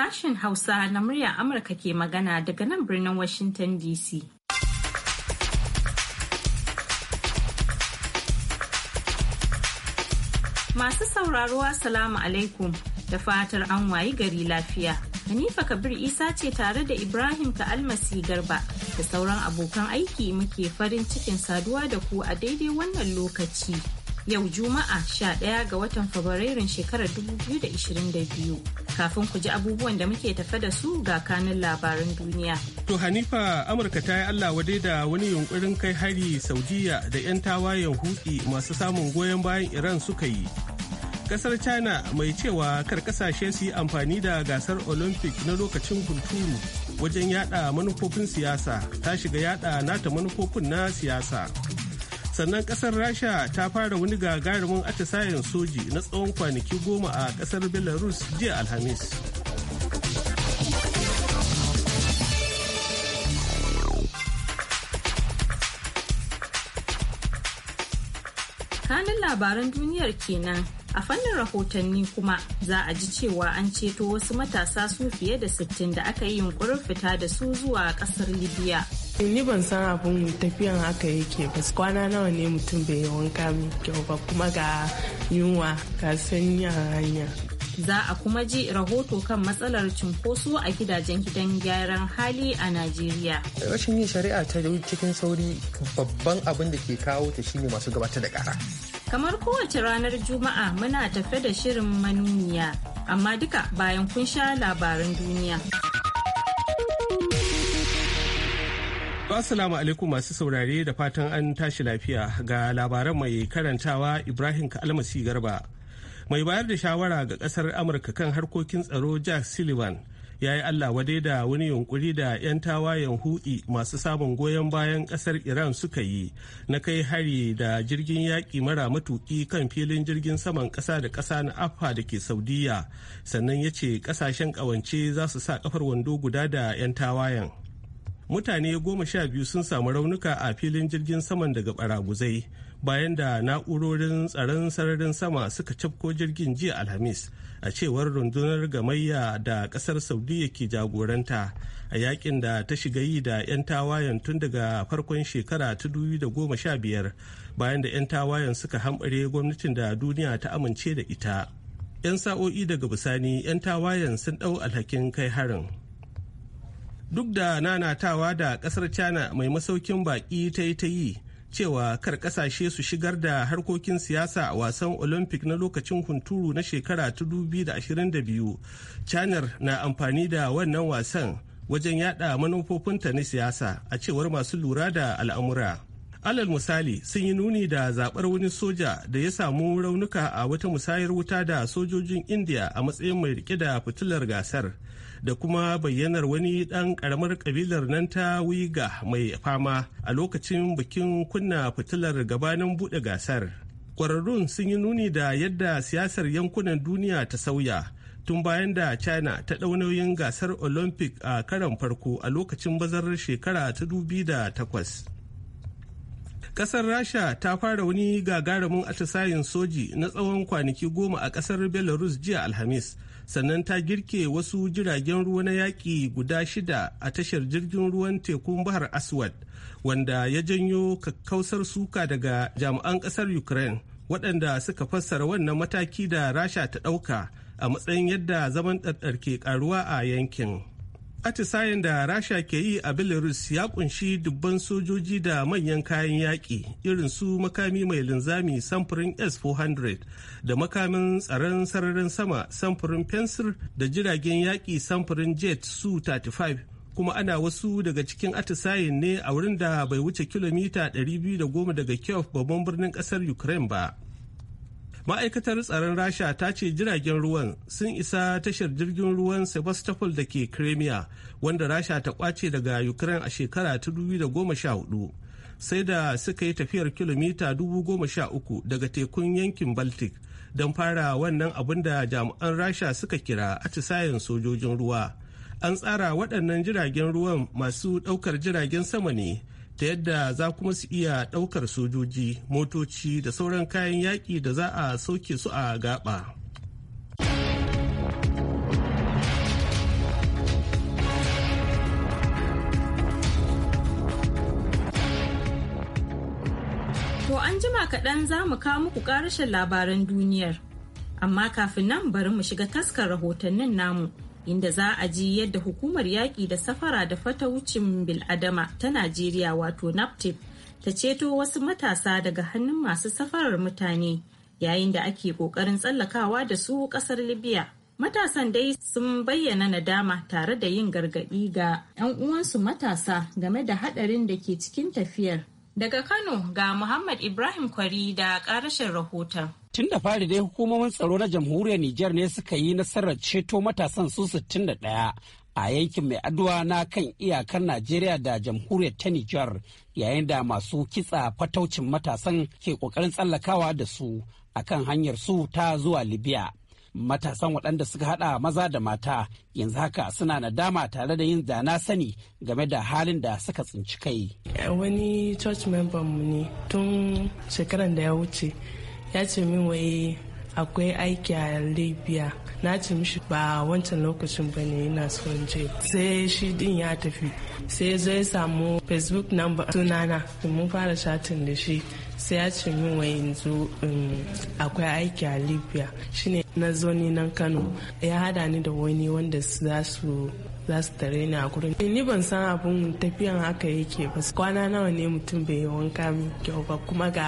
sashen Hausa na murya Amurka ke magana daga nan birnin Washington DC. Masu sauraro Assalamu alaikum da fatar an wayi gari lafiya. Hanifa Kabir Isa ce tare da Ibrahim almasi Garba da sauran abokan aiki muke farin cikin saduwa da ku a daidai wannan lokaci. yau Juma'a 11 ga watan Fabrairun shekarar 2022. Kafin ku ji abubuwan da muke tafe da su ga kanin labaran duniya. To Hanifa Amurka ta yi Allah wadai da wani yunkurin kai hari Saudiya da 'yan tawayen hutsi masu samun goyon bayan Iran suka yi. Kasar China mai cewa kar kasashe su yi amfani da gasar Olympic na lokacin hunturu wajen yada manufofin siyasa ta shiga yada nata manufofin na siyasa. sannan kasar rasha ta fara wani gagarumin atisayen soji na tsawon kwanaki goma a kasar belarus jiya alhamis kanin labaran duniyar kenan a fannin rahotanni kuma za a ji cewa an ceto wasu matasa su fiye da 60 da aka yi yunkurin fita da su zuwa kasar libya ni ban san abin tafiyan haka yake ba kwana nawa ne mutum bai wanka mai kyau ba kuma ga yunwa ga sanyi a hanya za a kuma ji rahoto kan matsalar cunkoso a gidajen gidan gyaran hali a Najeriya. Rashin yin shari'a ta cikin sauri babban abin da ke kawo ta shine masu gabatar da kara. Kamar kowace ranar Juma'a muna tafe da shirin manuniya, amma duka bayan kun sha labaran duniya. Assalamu alaikum masu saurare da fatan an tashi lafiya ga labaran mai karantawa Ibrahim Kalmasi Garba. Mai bayar da shawara ga kasar Amurka kan harkokin tsaro Jack Sullivan ya yi Allah wadai da wani yunkuri da 'yan tawayen hu'i masu samun goyon bayan kasar Iran suka yi na kai hari da jirgin yaƙi mara matuƙi kan filin jirgin saman ƙasa da ƙasa na afa da ke Saudiya sannan ya ce ƙasashen ƙawance za su sa kafar wando guda da 'yan tawayen. mutane goma sha biyu sun samu raunuka a filin jirgin saman daga baraguzai bayan da na'urorin tsaron sararin sama suka cafko jirgin jiya alhamis a cewar rundunar gamayya da kasar saudiya ke jagoranta a yakin da ta shiga yi da 'yan tawayen tun daga farkon shekara ta biyar bayan da 'yan tawayen suka hamɓare gwamnatin da duniya ta amince da ita 'yan sa'o'i daga bisani 'yan tawayen sun ɗau alhakin kai harin duk da nanatawa da kasar china mai masaukin baki ta yi ta yi cewa kar kasashe su shigar da harkokin siyasa a wasan olympic na lokacin hunturu na shekara ta 2022 china na amfani da wannan wasan wajen yada manufofinta na siyasa a cewar masu lura da al'amura alal misali sun yi nuni da zaɓar wani soja da ya samu raunuka a wata musayar wuta da sojojin india a matsayin mai rike da fitilar gasar da kuma bayyanar wani ɗan karamar ƙabilar nan ta wiga mai fama a lokacin bikin kunna fitilar gabanin buɗe gasar ƙwararrun sun yi nuni da yadda siyasar yankunan duniya ta sauya tun bayan da china ta ɗau nauyin gasar olympic a karon farko a lokacin bazarar shekara ta 2008 kasar rasha ta fara wani gagarumin atisayen soji na tsawon kwanaki goma a kasar belarus jiya alhamis sannan ta girke wasu jiragen ruwa na yaƙi guda shida a tashar jirgin ruwan tekun bahar aswad wanda ya janyo kakkausar suka daga jami'an kasar ukraine waɗanda suka fassara wannan mataki da rasha ta ɗauka a matsayin yadda zaman ke ƙaruwa a yankin atisayen da rasha ke yi a belarus ya kunshi dubban sojoji da manyan kayan yaƙi irin su makami mai linzami samfurin s-400 da makamin tsaron sararin sama samfurin fensir da jiragen yaƙi samfurin jet su-35 kuma ana wasu daga cikin atisayen ne a wurin da bai wuce kilomita 210 daga kiev babban birnin ƙasar ukraine ba ma'aikatar tsaron rasha ta ce jiragen ruwan sun isa tashar jirgin ruwan sebastopol da ke kremia wanda rasha ta kwace daga ukraine a shekara ta 2014 sai da suka yi tafiyar kilomita 13 daga tekun yankin baltic don fara wannan abin da jami'an rasha suka kira atisayen sojojin ruwa an tsara waɗannan jiragen ruwan masu ɗaukar jiragen sama ne ta yadda za kuma su iya ɗaukar sojoji motoci da sauran kayan yaƙi da za a sauke su a gaba. To an jima kaɗan za mu kawo muku ƙarashin labaran duniyar, amma kafin nan bari mu shiga taskar rahotannin namu inda za a ji yadda hukumar yaƙi da safara da fatawucin biladama ta Najeriya wato NAPTIP ta ceto wasu matasa daga hannun masu safarar mutane yayin da ake ƙoƙarin tsallakawa da su ƙasar Libya. Matasan dai sun bayyana nadama tare da yin gargaɗi ga 'yan uwansu matasa game da haɗarin da ke cikin tafiyar. Daga Kano ga Muhammad Ibrahim Kwari da ƙarashin rahoton. Tun da fari dai hukumomin tsaro na jamhuriyar Nijar ne suka yi nasarar ceto matasan su 61 a yankin mai addu'a na kan iyakar Najeriya da jamhuriyar ta Nijar yayin da masu kitsa fataucin matasan ke kokarin tsallakawa da su akan hanyar su ta zuwa Libya. Matasan waɗanda suka haɗa maza da mata yanzu haka suna nadama tare da yin zana sani game da halin da suka tsinci kai. Eh, wani church member mu ne tun shekaran da ya wuce ya ce min wai akwai aiki a libya na ce mishi ba wancan lokacin ba ne yana son je sai shi din ya tafi sai zai samu facebook number sunana mun fara shatin da shi sai ya ce min wai yanzu um, akwai aiki a libya shine na zoni nan kano ya hada ni da wani wanda za su za su tare ni a gurin ni ban san abin tafiyan haka yake ba kwana nawa ne mutum bai wanka mai kyau ba kuma ga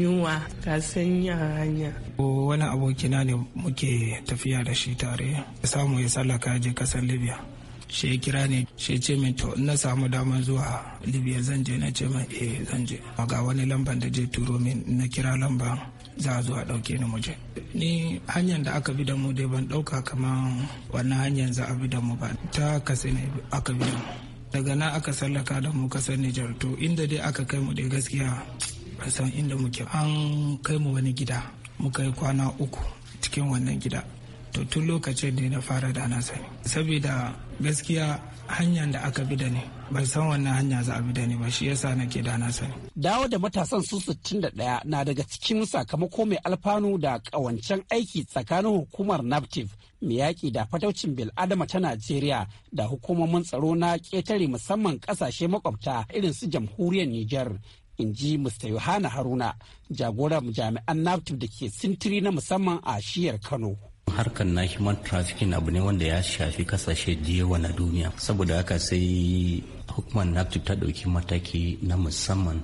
yunwa ga sanyi a hanya wani abokina ne muke tafiya da shi tare samu ya sallaka je kasar libya shi ya kira ni shi ce min to na samu damar zuwa libya zan je na ce min eh zan je ga wani lamban da je turo min na kira lamba za a zo a ɗauke ni muje ni hanyar da aka bi da mu dai ban ɗauka kamar wannan hanyar za a bi da mu ba ta kasa ne aka bi da mu daga nan aka sallaka da mu kasar Nijar to inda dai aka kai mu dai gaskiya ban san inda muke an kai mu wani gida muka yi kwana uku cikin wannan gida to tun lokacin da na fara da na sani saboda gaskiya hanyar da aka bi da ni ban san wannan hanya za a bi da ni ba shi yasa nake da na sani dawo da matasan su 61 na daga cikin sakamako mai alfanu da kawancen aiki tsakanin hukumar naptiv mai yaƙi da fataucin bil'adama ta najeriya da hukumomin tsaro na ƙetare musamman ƙasashe makwabta irin su jamhuriyar niger in ji Mr. Yohana Haruna, jagoran jami'an NAPTIP da ke sintiri na musamman a shiyar Kano. harkar na human trafficking abu ne wanda ya shafi kasashe da na duniya saboda haka sai hukumar naftu ta ɗauki mataki na musamman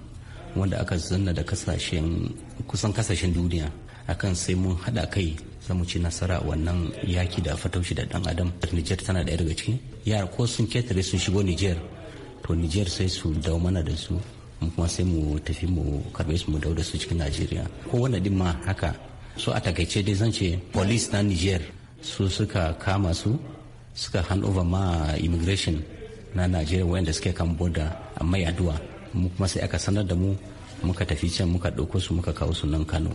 wanda aka zanna da kasashen kusan kasashen duniya akan sai mun haɗa kai zamu ci nasara wannan yaki da fataushi da dan adam niger tana ɗaya daga ciki yara ko sun ketare sun shigo niger to niger sai su dau mana da su kuma sai mu tafi mu karbe su mu dau da su cikin najeriya ko wanda din ma haka su a takaice dai zan ce police na niger su suka kama su suka hand over ma immigration na nigeria wayanda suke kan boda amma yaduwa mu kuma sai aka sanar da mu muka tafi can muka ɗauko su muka kawo su nan kano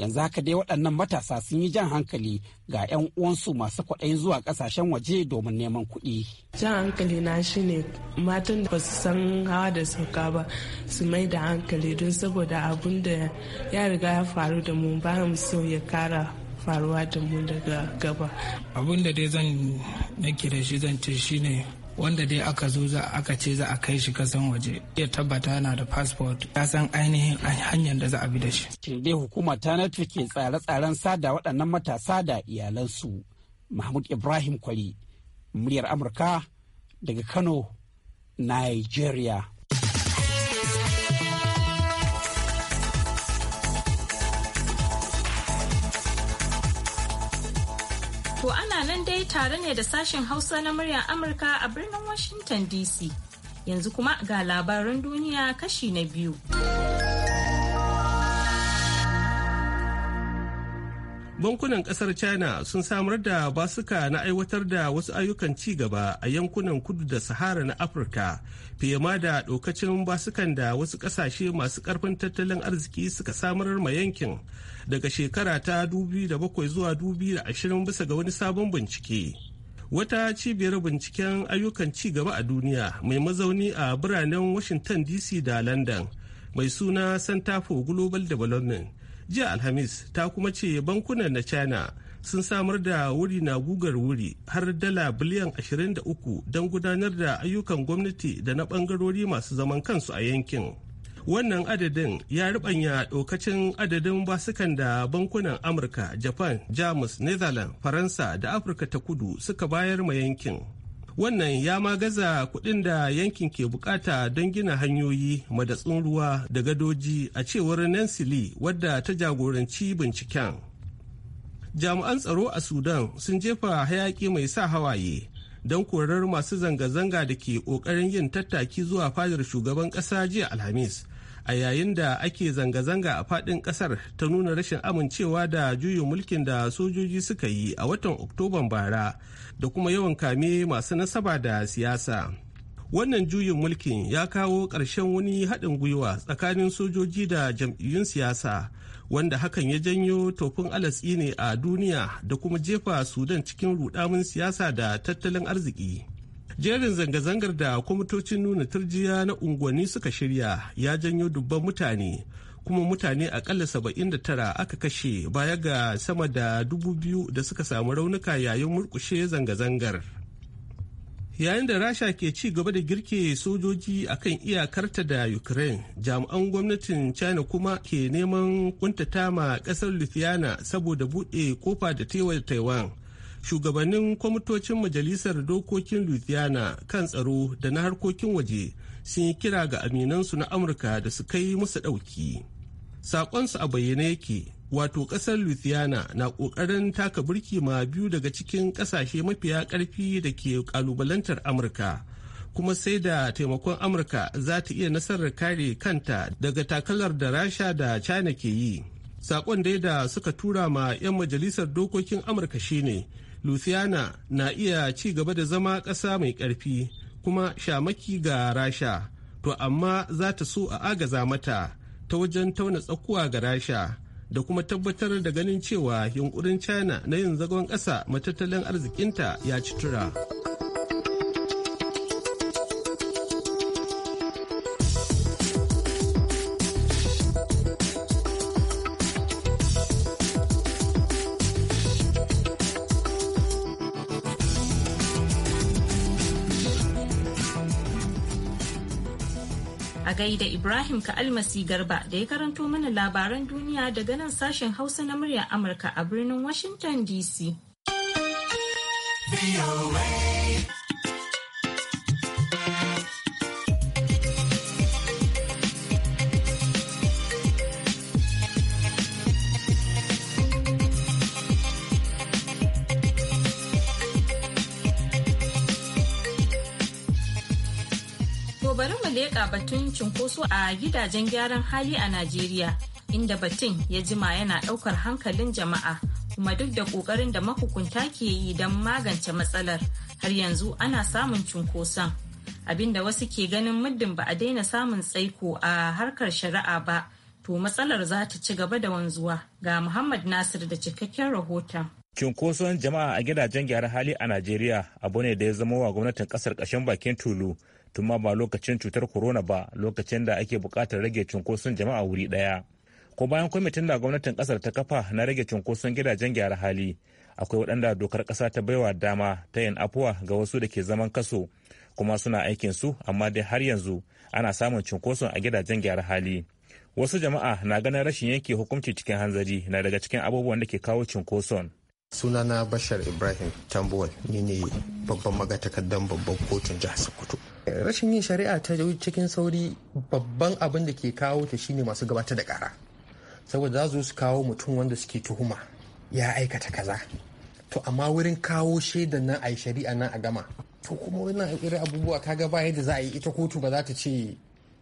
yanzu haka dai waɗannan matasa sun yi jan hankali ga 'yan uwansu masu kwaɗayin zuwa ƙasashen waje domin neman kuɗi. jan hankali na shi ne matan da basu san hawa da sauka ba su mai da hankali don saboda abun da ya riga ya faru da mu ba mu so ya kara faruwa da mu daga gaba abun da dai zan nake da shi zan ce shi ne. wanda dai aka zo za aka ce za a kai shi kasan waje ya tabbata yana da passport ya san ainihin hanyar da za a bi da shi. dai hukuma ta NATF ke tsare-tsaren sada waɗannan matasa da iyalansu. Mahmud Ibrahim Kwari, muryar Amurka daga Kano, Nigeria. To ana nan dai tare ne da sashen Hausa na muryar Amurka a birnin Washington DC. Yanzu kuma ga labaran duniya kashi na biyu. bankunan kasar china sun samar da basuka na aiwatar da wasu ayyukan ci gaba a yankunan kudu da sahara na afirka fiye ma da ɗokacin basukan da wasu ƙasashe masu ƙarfin tattalin arziki suka samar ma yankin daga shekara ta 2007 zuwa 2020 bisa ga wani sabon bincike wata cibiyar binciken ayyukan ci gaba a duniya mai mazauni a biranen washington dc da london mai suna center for global development jiya alhamis ta kuma ce bankunan na china sun samar da wuri na gugar wuri har dala biliyan 23 don gudanar da ayyukan gwamnati da na bangarori masu zaman kansu a yankin wannan adadin ya ribanya dokacin adadin basukan da bankunan amurka japan jamus netherlands faransa da afirka ta kudu suka bayar ma yankin wannan ya magaza kuɗin da yankin ke bukata don gina hanyoyi madatsun ruwa da gadoji a cewar nancy lee wadda ta jagoranci binciken jami'an tsaro a sudan sun jefa hayaki mai sa hawaye don korar masu zanga-zanga da ke ƙoƙarin yin tattaki zuwa fadar shugaban ƙasa jiya alhamis a yayin da ake zanga-zanga a fadin kasar ta nuna rashin amincewa da juyin mulkin da sojoji suka yi a watan oktoban bara da kuma yawan kame masu nasaba da siyasa wannan juyin mulkin ya kawo ƙarshen wani haɗin gwiwa tsakanin sojoji da jam'iyyun siyasa wanda hakan ya janyo tofin alatsi ne a duniya da kuma jefa sudan cikin rudamin siyasa da tattalin arziki jerin zanga-zangar da kwamitocin nuna turjiya na unguwanni suka shirya ya janyo dubban mutane kuma mutane akalla 79 aka kashe baya ga sama da dubu biyu da suka samu raunuka yayin murkushe zanga-zangar yayin da rasha ke ci gaba da girke sojoji akan iyakarta da ukraine jami'an gwamnatin china kuma ke neman kuntatama kasar lithuania saboda buɗe kofa da taiwan shugabannin kwamitocin majalisar dokokin louisiana kan tsaro da na harkokin waje sun yi kira ga aminansu na amurka da su kai musu ɗauki saƙonsu a bayyane yake wato ƙasar louisiana na ƙoƙarin taka birki ma biyu daga cikin ƙasashe mafiya ƙarfi da ke ƙalubalantar amurka kuma sai da taimakon amurka za ta iya nasarar kare kanta daga takalar da rasha da china ke yi saƙon dai da suka tura ma 'yan majalisar dokokin amurka shine Louisiana na iya ci gaba da zama ƙasa mai ƙarfi kuma shamaki ga Rasha, to amma za ta so a agaza mata ta wajen tauna tsakuwa ga Rasha da kuma tabbatar da ganin cewa yunkurin China na yin zagon ƙasa matattalin arzikinta ya ci tura. gaida Ibrahim ka almasi Garba da ya karanto mana labaran duniya daga nan sashen Hausa na muryar Amurka a birnin Washington DC. leƙa batun cunkoso a gidajen gyaran hali a Najeriya, inda batun ya jima yana ɗaukar hankalin jama'a, kuma duk da ƙoƙarin da mahukunta ke yi don magance matsalar, har yanzu ana samun cunkoson. Abinda wasu ke ganin muddin ba a daina samun tsaiko a harkar shari'a ba, to matsalar za ta ci gaba da wanzuwa. Ga Muhammad Nasir da cikakken rahoton. Cunkoson jama'a a gidajen gyaran hali a Najeriya abu ne da ya zama wa gwamnatin ƙasar ƙashin bakin tulu Tumma ba lokacin cutar corona ba lokacin da ake buƙatar rage cunkoson jama'a wuri ɗaya. Ko bayan kwamitin da gwamnatin ƙasar ta kafa na rage cunkoson gidajen gyara hali akwai waɗanda dokar ƙasa ta baiwa dama ta yin afuwa ga wasu da ke zaman kaso kuma suna aikin su amma dai har yanzu ana samun cunkoson a gidajen gyara hali. Wasu jama'a na ganin rashin yanke hukunci cikin hanzari na daga cikin abubuwan da ke kawo cunkoson. sunana bashar ibrahim tambuwal ni ne babban magatakardar babban kotun jihar sokoto rashin yin shari'a ta cikin sauri babban abin da ke kawo ta shine masu gabatar da kara saboda za su kawo mutum wanda suke tuhuma ya aikata kaza to amma wurin kawo shaidan nan a yi shari'a nan a gama to kuma wannan irin abubuwa kaga ba yadda za a yi ita kotu ba za ta ce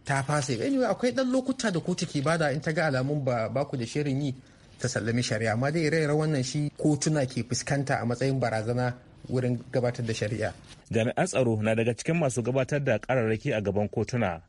ta fasa akwai dan lokuta da kotu ke bada in ta ga alamun ba ku da shirin yi ta sallami shari'a amma dai ire wannan shi kotuna ke fuskanta a matsayin barazana wurin gabatar da shari'a jami'an tsaro na daga cikin masu gabatar da kararraki a gaban kotuna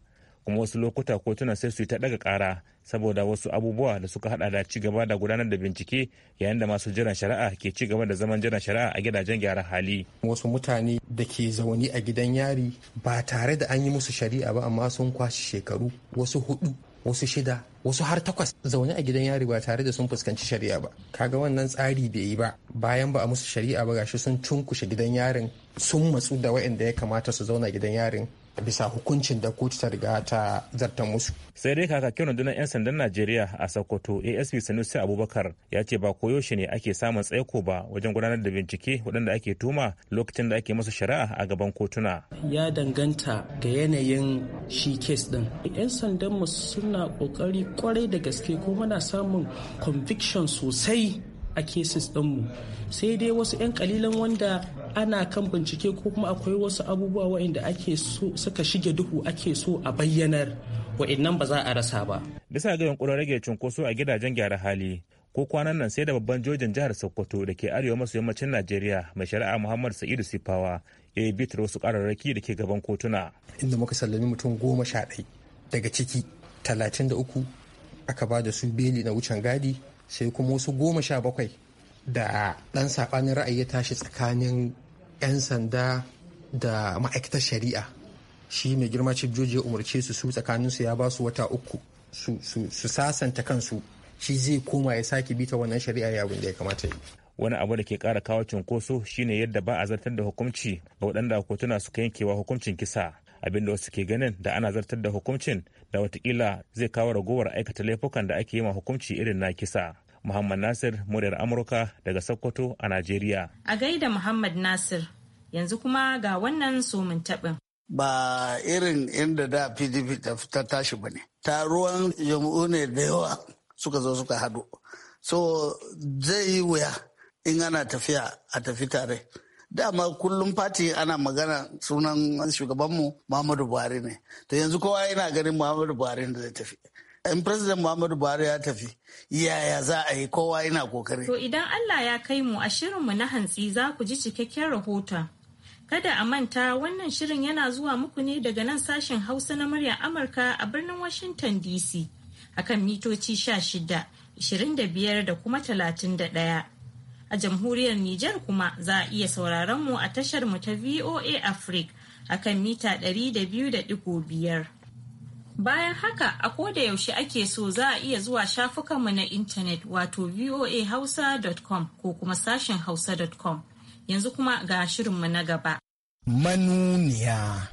kuma wasu lokuta kotuna sai su yi ta daga kara saboda wasu abubuwa da suka hada da ci gaba da gudanar da bincike yayin da masu jiran shari'a ke ci gaba da zaman jiran shari'a a gidajen gyara hali wasu mutane da ke zaune a gidan yari ba tare da an yi musu shari'a ba amma sun kwashe shekaru wasu hudu wasu shida wasu har takwas zaune a gidan yari ba tare da sun fuskanci shari'a ba kaga wannan tsari bai yi ba bayan ba a musu shari'a ba gashi sun cunkushe gidan yarin sun matsu da waɗanda ya kamata su zauna gidan yarin bisa hukuncin da kotu ta riga ta zarta musu. sai dai kakakin rundunar 'yan sandan najeriya a sokoto asp sanusi abubakar ya ce ba koyaushe ne ake samun tsaiko ba wajen gudanar da bincike waɗanda ake tuma lokacin da ake masu shari'a a gaban kotuna ya danganta ga yanayin shi kes din 'yan sandanmu suna ƙoƙari kwarai da gaske ko muna samun conviction sosai a cases mu sai dai wasu 'yan kalilan wanda ana kan bincike ko kuma akwai wasu abubuwa waɗanda ake so suka shige duhu ake so a bayyanar nan ba za a rasa ba da bisa ga yunkurin rage cunkoso a gidajen gyara hali ko kwanan nan sai da babban jojin jihar sokoto da ke arewa maso yammacin najeriya mai shari'a muhammad sa'idu sifawa ya yi bitar wasu kararraki da ke gaban kotuna inda muka sallami mutum goma sha ɗai daga ciki talatin da uku aka ba da su beli na wucin gadi sai kuma wasu goma sha bakwai da ɗan saɓanin ra'ayi ya tashi tsakanin 'yan sanda da ma'aikatar shari'a shi mai girma joji ya umarce su su tsakanin su ya ba su wata uku su sasanta kansu shi zai koma ya sake bita wannan shari'a ya da ya kamata yi wani abu da ke kara kawo cunkoso shine yadda ba a zartar da hukunci ga waɗanda kotuna suka yankewa hukuncin kisa abinda wasu ke ganin da ana zartar da hukuncin da watakila zai kawo ragowar aikata laifukan da ake yi ma hukunci irin na kisa. Muhammad Nasir, muryar Amurka daga Sokoto a Najeriya. A gaida Muhammad Nasir, yanzu kuma ga wannan somin taɓin. Ba irin inda da PDP ta tashi ba ne. ruwan jam'u ne da yawa suka zo suka haɗu. So zai yi wuya in ana tafiya a tafi tare. dama kullum fati ana magana sunan shugabanmu Muhammadu Buhari ne. To yanzu kowa yana ganin Muhammadu Buhari da zai tafi. In President Muhammadu Buhari ya tafi, yaya za a yi kowa yana kokari. To idan Allah ya kai mu a shirin mu na hantsi za ku ji cikakken rahoton. Kada a manta wannan shirin yana zuwa muku ne daga nan sashen Hausa na muryar Amurka a birnin Washington DC akan mitoci 16, 25 da kuma 31. A jamhuriyar Nijar kuma za a iya sauraron mu a tashar mu ta VOA Africa akan mita 200.5. Bayan haka a koda yaushe ake so za a iya zuwa shafukanmu na intanet wato voahausa.com ko kuma sashen hausa.com. Yanzu kuma ga shirinmu na gaba. Manuniya.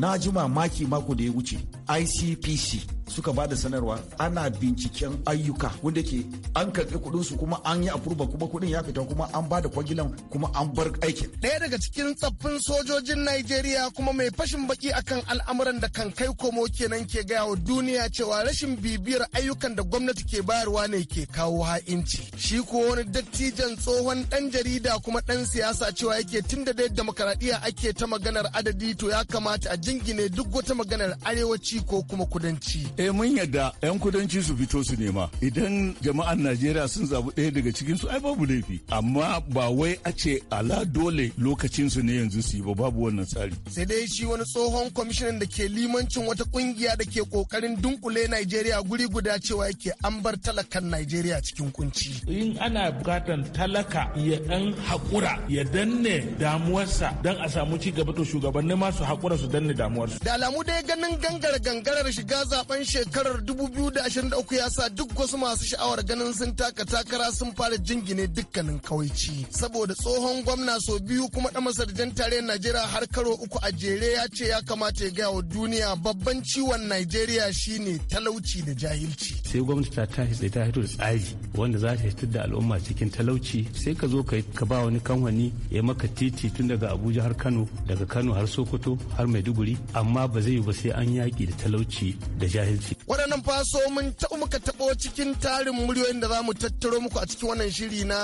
na ji mamaki mako da ya wuce icpc suka ba da sanarwa ana binciken ayyuka wanda ke an karɓi kuɗin su kuma an yi afurba kuma kuɗin ya fita kuma an ba da kwagilan kuma an bar aikin. Ɗaya daga cikin tsaffin sojojin Najeriya kuma mai fashin baki akan al'amuran da kan kai komo kenan ke gaya wa duniya cewa rashin bibiyar ayyukan da gwamnati ke bayarwa ne ke kawo ha'inci. Shi ko wani dattijan tsohon ɗan jarida kuma ɗan siyasa cewa yake tunda da dai ake ta maganar adadi to ya kamata a jingine duk wata maganar arewaci ko kuma kudanci. eh mun yadda yan kudanci su fito su nema idan jama'an najeriya sun zabi ɗaya daga cikin su ai babu laifi amma ba wai a ce ala dole lokacin su ne yanzu su yi ba babu wannan tsari sai dai shi wani tsohon kwamishinan da ke limancin wata kungiya da ke kokarin dunkule najeriya guri guda cewa yake an bar talakan najeriya cikin kunci in ana bukatan talaka ya dan hakura ya danne damuwarsa dan a samu ci gaba to shugabanni ma su su danne damuwarsu da alamu dai ganin gangar gangarar shiga zaben shekarar 2023 ya sa duk wasu masu sha'awar ganin sun taka takara sun fara jingine dukkanin kawaici. Saboda tsohon gwamna sau biyu kuma ɗan masarjan tarayyar Najeriya har karo uku a jere ya ce ya kamata ya gaya wa duniya babban ciwon Najeriya shine talauci da jahilci. Sai gwamnati ta tashi sai ta hito da tsari wanda za ta fitar da al'umma cikin talauci sai ka zo ka yi ka ba wani kanwani ya maka titi tun daga Abuja har Kano daga Kano har Sokoto har Maiduguri amma ba zai yi ba sai an yaƙi da talauci da jahilci. Waɗannan faso mun taɓa muka taɓo cikin tarin muryoyin da za mu tattaro muku a cikin wannan shiri na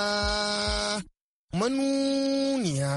manuniya.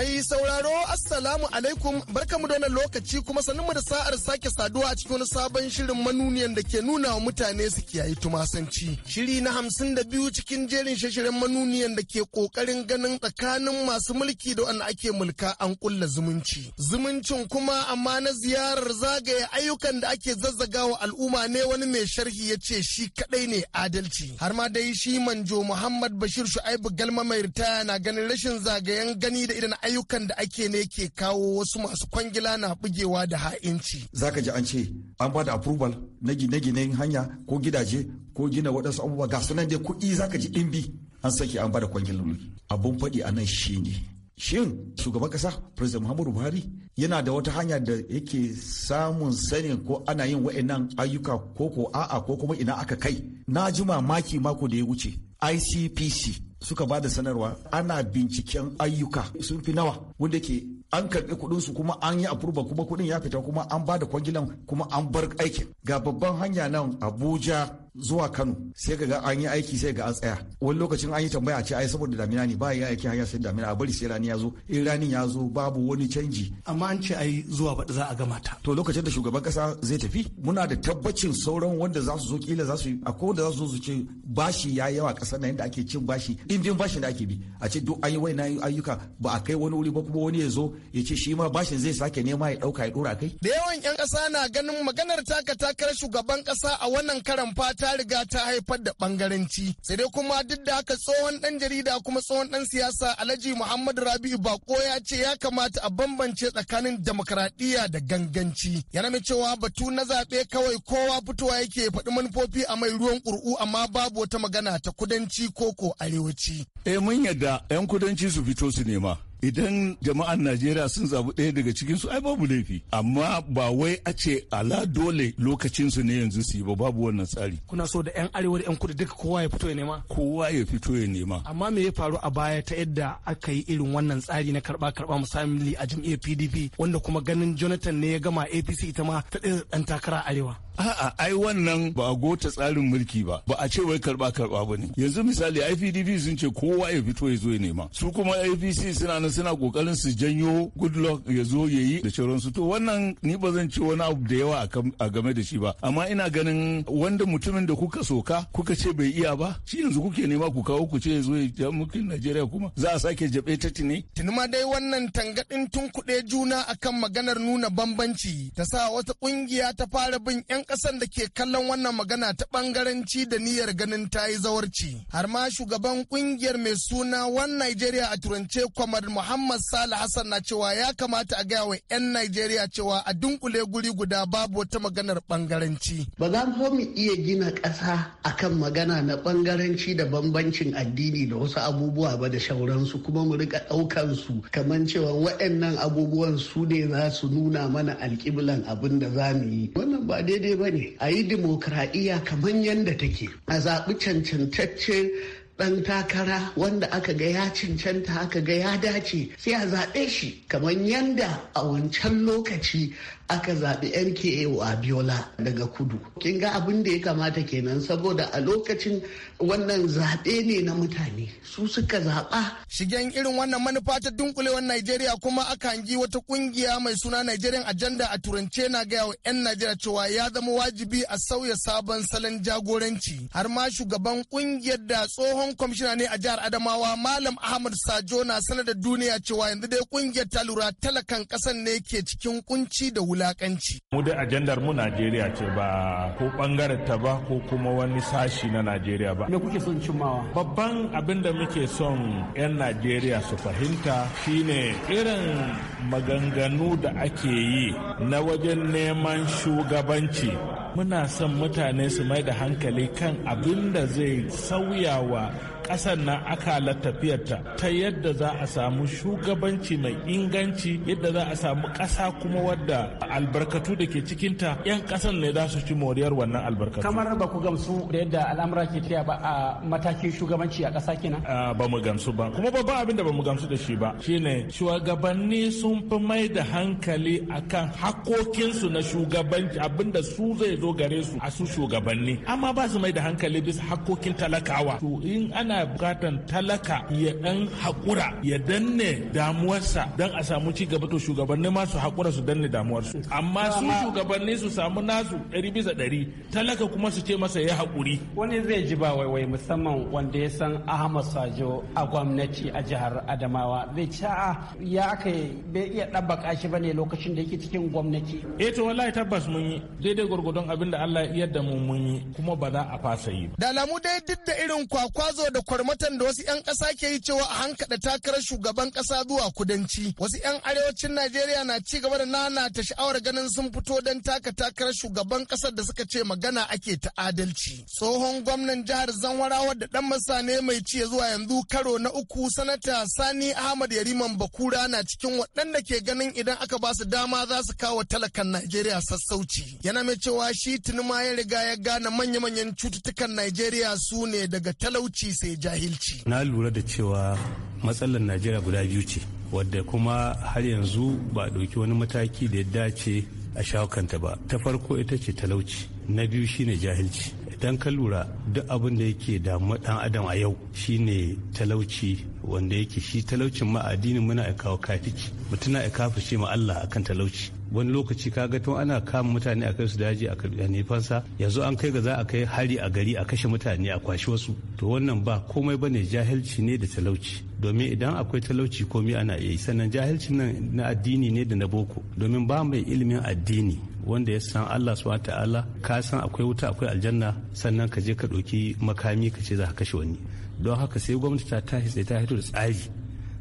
Mai sauraro Assalamu alaikum barkamu da wannan lokaci kuma mu da sa'ar sake saduwa a cikin wani sabon shirin manuniyan da ke nuna wa mutane su kiyayi tumasanci. Shiri na hamsin da biyu cikin jerin shashiren manuniyan da ke kokarin ganin tsakanin masu mulki da wanda ake mulka an kulla zumunci. Zumuncin kuma amma na ziyarar zagaye ayyukan da ake zazzagawa al'umma ne wani mai sharhi ya ce shi kadai ne adalci. Har ma dai shi manjo Muhammad Bashir Shu'aibu Galma mai ritaya na ganin rashin zagayen gani da idan. ayyukan da ake ne ke kawo wasu masu kwangila na bugewa da ha'inci. Zaka ji an ce an bada da approval na gine-ginen hanya ko gidaje ko gina waɗansu abubuwa ga sunan dai kuɗi zaka ji ɗimbi an sake an bada da ne. abun faɗi a nan shi ne. Shin shugaban kasa President Muhammadu Buhari yana da wata hanya da yake samun sanin ko ana yin wa'annan ayyuka ko ko a'a ko kuma ina aka kai. Na ji mamaki mako da ya wuce ICPC suka ba da sanarwa ana binciken ayyuka sun fi nawa wanda ke an karɓi kuɗin su kuma an yi approval kuma kuɗin ya fita kuma an ba da kwangilan kuma an bar aikin ga babban hanya nan abuja zuwa Kano sai ga an yi aiki sai ga an tsaya wani lokacin an yi tambaya a ce ai saboda damina ne ba ya aiki hanya sai damina a bari sai rani ya zo in rani ya zo babu wani canji amma an ce ai zuwa baɗi za a gama ta to lokacin da shugaban kasa zai tafi muna da tabbacin sauran wanda za su zo kila za su akwai wanda za su zo su ce bashi ya yawa kasar na yadda ake cin bashi ɗimbin bashi da ake bi a ce duk an yi wai na ayyuka ba a kai wani wuri ba kuma wani ya zo ya ce shi ma bashin zai sake nema ya dauka ya dora kai da yawan 'yan kasa na ganin maganar taka takar shugaban kasa a wannan karan fata ta riga ta haifar da bangaranci sai dai kuma duk da haka tsohon dan jarida kuma tsohon dan siyasa alhaji muhammad rabi'u bako ya ce ya kamata a bambance tsakanin demokradiyya da ganganci yana mai cewa batu na zaɓe kawai kowa fitowa yake faɗi manufofi a mai ruwan ƙur'u amma babu wata magana ta kudanci ko ko arewaci. eh mun yadda 'yan kudanci su fito su nema idan jama'an najeriya sun zabi ɗaya daga cikin su ai babu laifi amma ba wai a ce ala dole lokacin su ne yanzu su yi ba babu wannan tsari kuna so da yan arewa da yan kudu duka kowa ya fito ya nema kowa ya fito ya nema amma me ya faru a baya ta yadda aka yi irin wannan tsari na karba karba musamman a jam'iyyar pdp wanda kuma ganin jonathan ne ya gama apc ita ma ta ɗaya ɗan takara arewa A'a, ai wannan ba a gota tsarin mulki ba, ba a ce wai karba karba ba ne. Yanzu misali IPDP sun ce kowa ya fito ya zo ya nema. Su kuma APC suna nan suna kokarin su janyo Goodluck ya zo ya yi da sauransu. To wannan ni ba zan ce wani abu da yawa a game da shi ba. Amma ina ganin wanda mutumin da kuka soka kuka ce bai iya ba, shi yanzu kuke nema ku kawo ku ce ya zo ya mulkin Najeriya kuma za a sake jabe ta tine. Tuni ma dai wannan tangadin tun kuɗe juna akan maganar nuna bambanci ta sa wata ƙungiya ta fara bin 'yan kasan da ke kallon wannan magana ta bangaranci da niyyar ganin ta yi zawarci. Har ma shugaban kungiyar mai suna wan Nigeria a turance Kwamar Muhammad Sale Hassan na cewa ya kamata a gaya wa 'yan nigeria cewa a dunkule guri guda babu wata maganar bangaranci. Ba za mu mu iya gina kasa akan magana na bangaranci da bambancin addini da wasu abubuwa ba da shauransu kuma mu rika ɗaukan su kamar cewa waɗannan abubuwan su ne za su nuna mana alkiblan abin da za mu yi. Wannan ba daidai ba ne a yi dimokuraɗiyya kamar yadda take a zaɓi cancantacce ɗan takara wanda aka ga ya cancanta aka ga ya dace sai a zaɓe shi kamar yadda a wancan lokaci aka zaɓi mka abiola daga kudu kin ga abin da ya kamata kenan saboda a lokacin wannan zaɓe ne na mutane su suka zaɓa shigen irin wannan manufa ta dunkulewar nigeria kuma aka hangi wata kungiya mai suna nigerian agenda a turance na gaya wa 'yan najeriya cewa ya zama wajibi a sauya sabon salon jagoranci har ma shugaban kungiyar da tsohon kwamishina ne a jihar adamawa malam ahmad sajo na sanar da duniya cewa yanzu dai kungiyar ta lura talakan kasan ne ke cikin kunci da wula wulakanci. Mu da ajandar mu Najeriya ce ba ko bangare ta ba ko kuma wani sashi na Najeriya ba. Me kuke son cimmawa? Babban abin da muke son 'yan Najeriya su fahimta shine irin maganganu da ake yi na wajen neman shugabanci muna son mutane su mai da hankali kan abin da zai sauyawa ƙasar nan akala tafiyarta ta yadda za a samu shugabanci mai inganci yadda za a samu ƙasa kuma wadda albarkatu da ke cikinta 'yan ƙasar ne za su ci moriyar wannan albarkatu. Kamar ba ku gamsu da yadda al'amura ke tafiya ba a matakin shugabanci a ƙasa kenan? Ba mu gamsu ba. Kuma babban abin da ba mu gamsu da shi ba shine shugabanni sun fi mai da hankali akan hakokinsu na shugabanci abinda su zai zo gare su a su shugabanni. Amma ba su mai da hankali bisa hakokin talakawa. To in ana ana bukatan talaka ya dan hakura. ya danne damuwarsa don a samu ci gaba to shugabanni ma hakura su danne damuwarsu amma su shugabanni su samu nasu ɗari bisa ɗari talaka kuma su ce masa ya hakuri wani zai ji ba waiwai musamman wanda ya san ahmad sajo a gwamnati a jihar adamawa zai ci a ya aka bai iya ɗabbaka shi bane lokacin da yake cikin gwamnati. eh to wallahi tabbas mun yi daidai gwargwadon abin da allah ya yadda mu mun yi kuma ba za a fasa yi. da alamu dai duk da irin kwakwazo da kwarmatan da wasu 'yan ƙasa ke yi cewa a hankada takarar shugaban kasa zuwa kudanci. Wasu 'yan arewacin Najeriya na ci gaba da nana ta sha'awar ganin sun fito don taka takarar shugaban ƙasar da suka ce magana ake ta adalci. Tsohon gwamnan jihar Zanwarawa da ɗan masa mai ci zuwa yanzu karo na uku sanata Sani Ahmad Yariman Bakura na cikin waɗanda ke ganin idan aka ba su dama za su kawo talakan Najeriya sassauci. Yana mai cewa shi tunuma ya riga ya gane manya-manyan cututtukan Najeriya su ne daga talauci sai sai jahilci na lura da cewa matsalar najeriya guda biyu ce wadda kuma har yanzu ba ɗauki wani mataki da ya dace a shawakanta ba ta farko ita ce talauci na biyu shine jahilci idan ka lura duk abin da yake damu ɗan adam a yau shine talauci wanda yake shi talaucin ma addinin muna kawo kafiki mutuna na kafice ma Allah kan talauci wani lokaci kaga to ana kama mutane a kai su daji a karbi nifansa yanzu an kai ga za a kai hari a gari a kashe mutane a kwashi wasu to wannan ba komai bane jahilci ne da talauci domin idan akwai talauci komai ana iya sannan jahilcin nan na addini ne da na boko domin ba mai ilimin addini wanda ya san Allah su ta'ala ka san akwai wuta akwai aljanna sannan ka je ka ɗauki makami ka ce za ka kashe wani don haka sai gwamnati ta tashi sai ta hito da tsari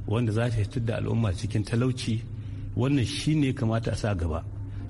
wanda za ta hitar da al'umma cikin talauci wannan shi ne kamata a sa gaba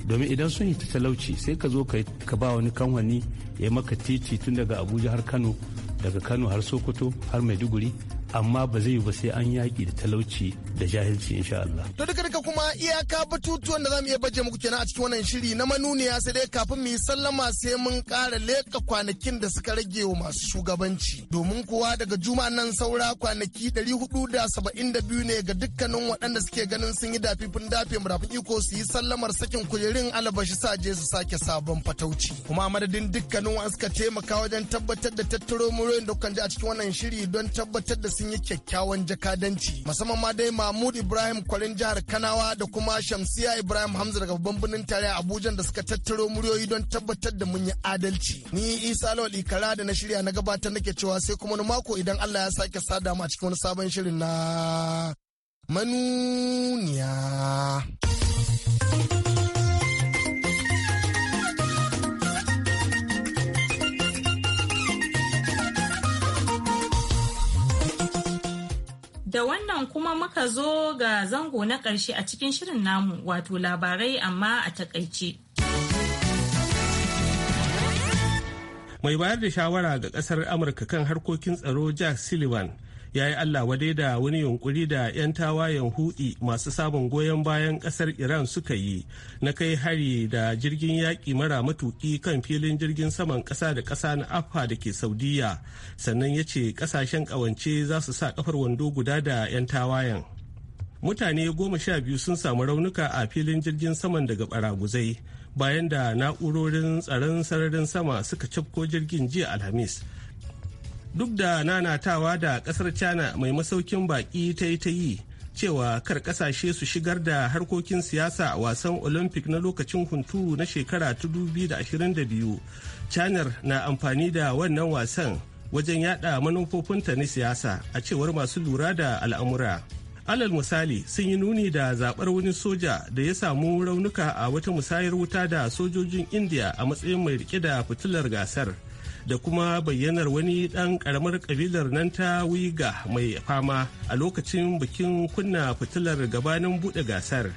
domin idan sun yi ta talauci sai ka zo ka ba wani kanwani ya maka titi tun daga abuja har kano daga kano har sokoto har maiduguri amma ba zai yi ba sai an yaƙi da talauci da jahilci insha Allah. To duka duka kuma iyaka batutuwan da za mu iya baje muku kenan a cikin wannan shiri na manuniya sai dai kafin mu yi sallama sai mun ƙara leƙa kwanakin da suka rage wa masu shugabanci. Domin kuwa daga juma nan saura kwanaki hudu da da saba'in biyu ne ga dukkanin waɗanda suke ganin sun yi dafifin dafe murafin iko su yi sallamar sakin kujerin albashi je su sake sabon fatauci. Kuma madadin dukkanin wa suka taimaka wajen tabbatar da tattaro muryoyin da kukan ji a cikin wannan shiri don tabbatar da sun yi kyakkyawan jakadanci musamman ma dai mahmud ibrahim kwarin jihar kanawa da kuma shamsiya ibrahim hamza daga babban birnin tarayya abuja da suka tattaro muryoyi don tabbatar da mun yi adalci ni isa lawal ikara da na shirya na gabatar nake cewa sai kuma wani mako idan allah ya sake sada mu a cikin wani sabon shirin na manuniya. Da wannan kuma muka zo ga zango na ƙarshe a cikin shirin namu wato labarai amma a takaice. Mai bayar da shawara ga ƙasar Amurka kan harkokin tsaro Jack Sullivan ya yi allah wadai da wani yunkuri da 'yan tawayen hudi masu samun goyon bayan kasar iran suka yi na kai hari da jirgin yaƙi mara matuƙi kan filin jirgin saman ƙasa da ƙasa na afa da ke saudiya sannan ya ce ƙasashen ƙawance za su sa ƙafar wando guda da 'yan tawayen mutane goma sha biyu sun samu raunuka a filin jirgin saman daga baraguzai bayan da na'urorin tsaron sararin sama suka cafko jirgin jiya alhamis duk da nanatawa da kasar china mai masaukin baki ta yi ta yi cewa kar kasashe su shigar da harkokin siyasa a wasan olympic na lokacin hunturu na shekara ta 2022 china na amfani da wannan wasan wajen yada manufofinta na siyasa a cewar masu lura da al'amura alal misali sun yi nuni da zabar wani soja da ya samu raunuka a wata musayar wuta da sojojin india a matsayin mai rike da fitilar gasar da kuma bayyanar wani ɗan ƙaramar ƙabilar nan ta wiga mai fama a lokacin bikin kunna fitilar gabanin buɗe gasar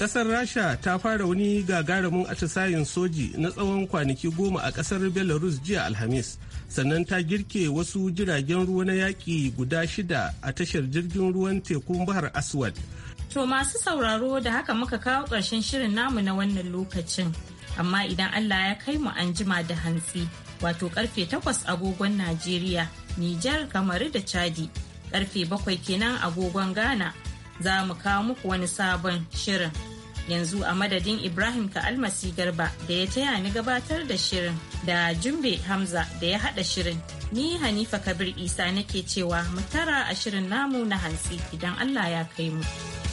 Ƙasar rasha ta fara wani gagarumin atisayin soji na tsawon kwanaki goma a ƙasar belarus jiya alhamis sannan ta girke wasu jiragen ruwa na yaƙi guda shida a tashar jirgin ruwan tekun bahar aswad to masu sauraro da haka muka kawo ƙarshen shirin namu na wannan lokacin amma idan allah ya kai mu an jima da hantsi wato karfe takwas agogon Najeriya, Nijar, Kamaru da Chadi, karfe bakwai kenan agogon Ghana. Za mu kawo muku wani sabon shirin. Yanzu a madadin Ibrahim Ka'almasi Garba da ya taya ni gabatar da shirin da Jumbe Hamza da ya haɗa shirin. Ni Hanifa Kabir Isa nake cewa mutara a shirin namu na hantsi idan Allah ya kai mu.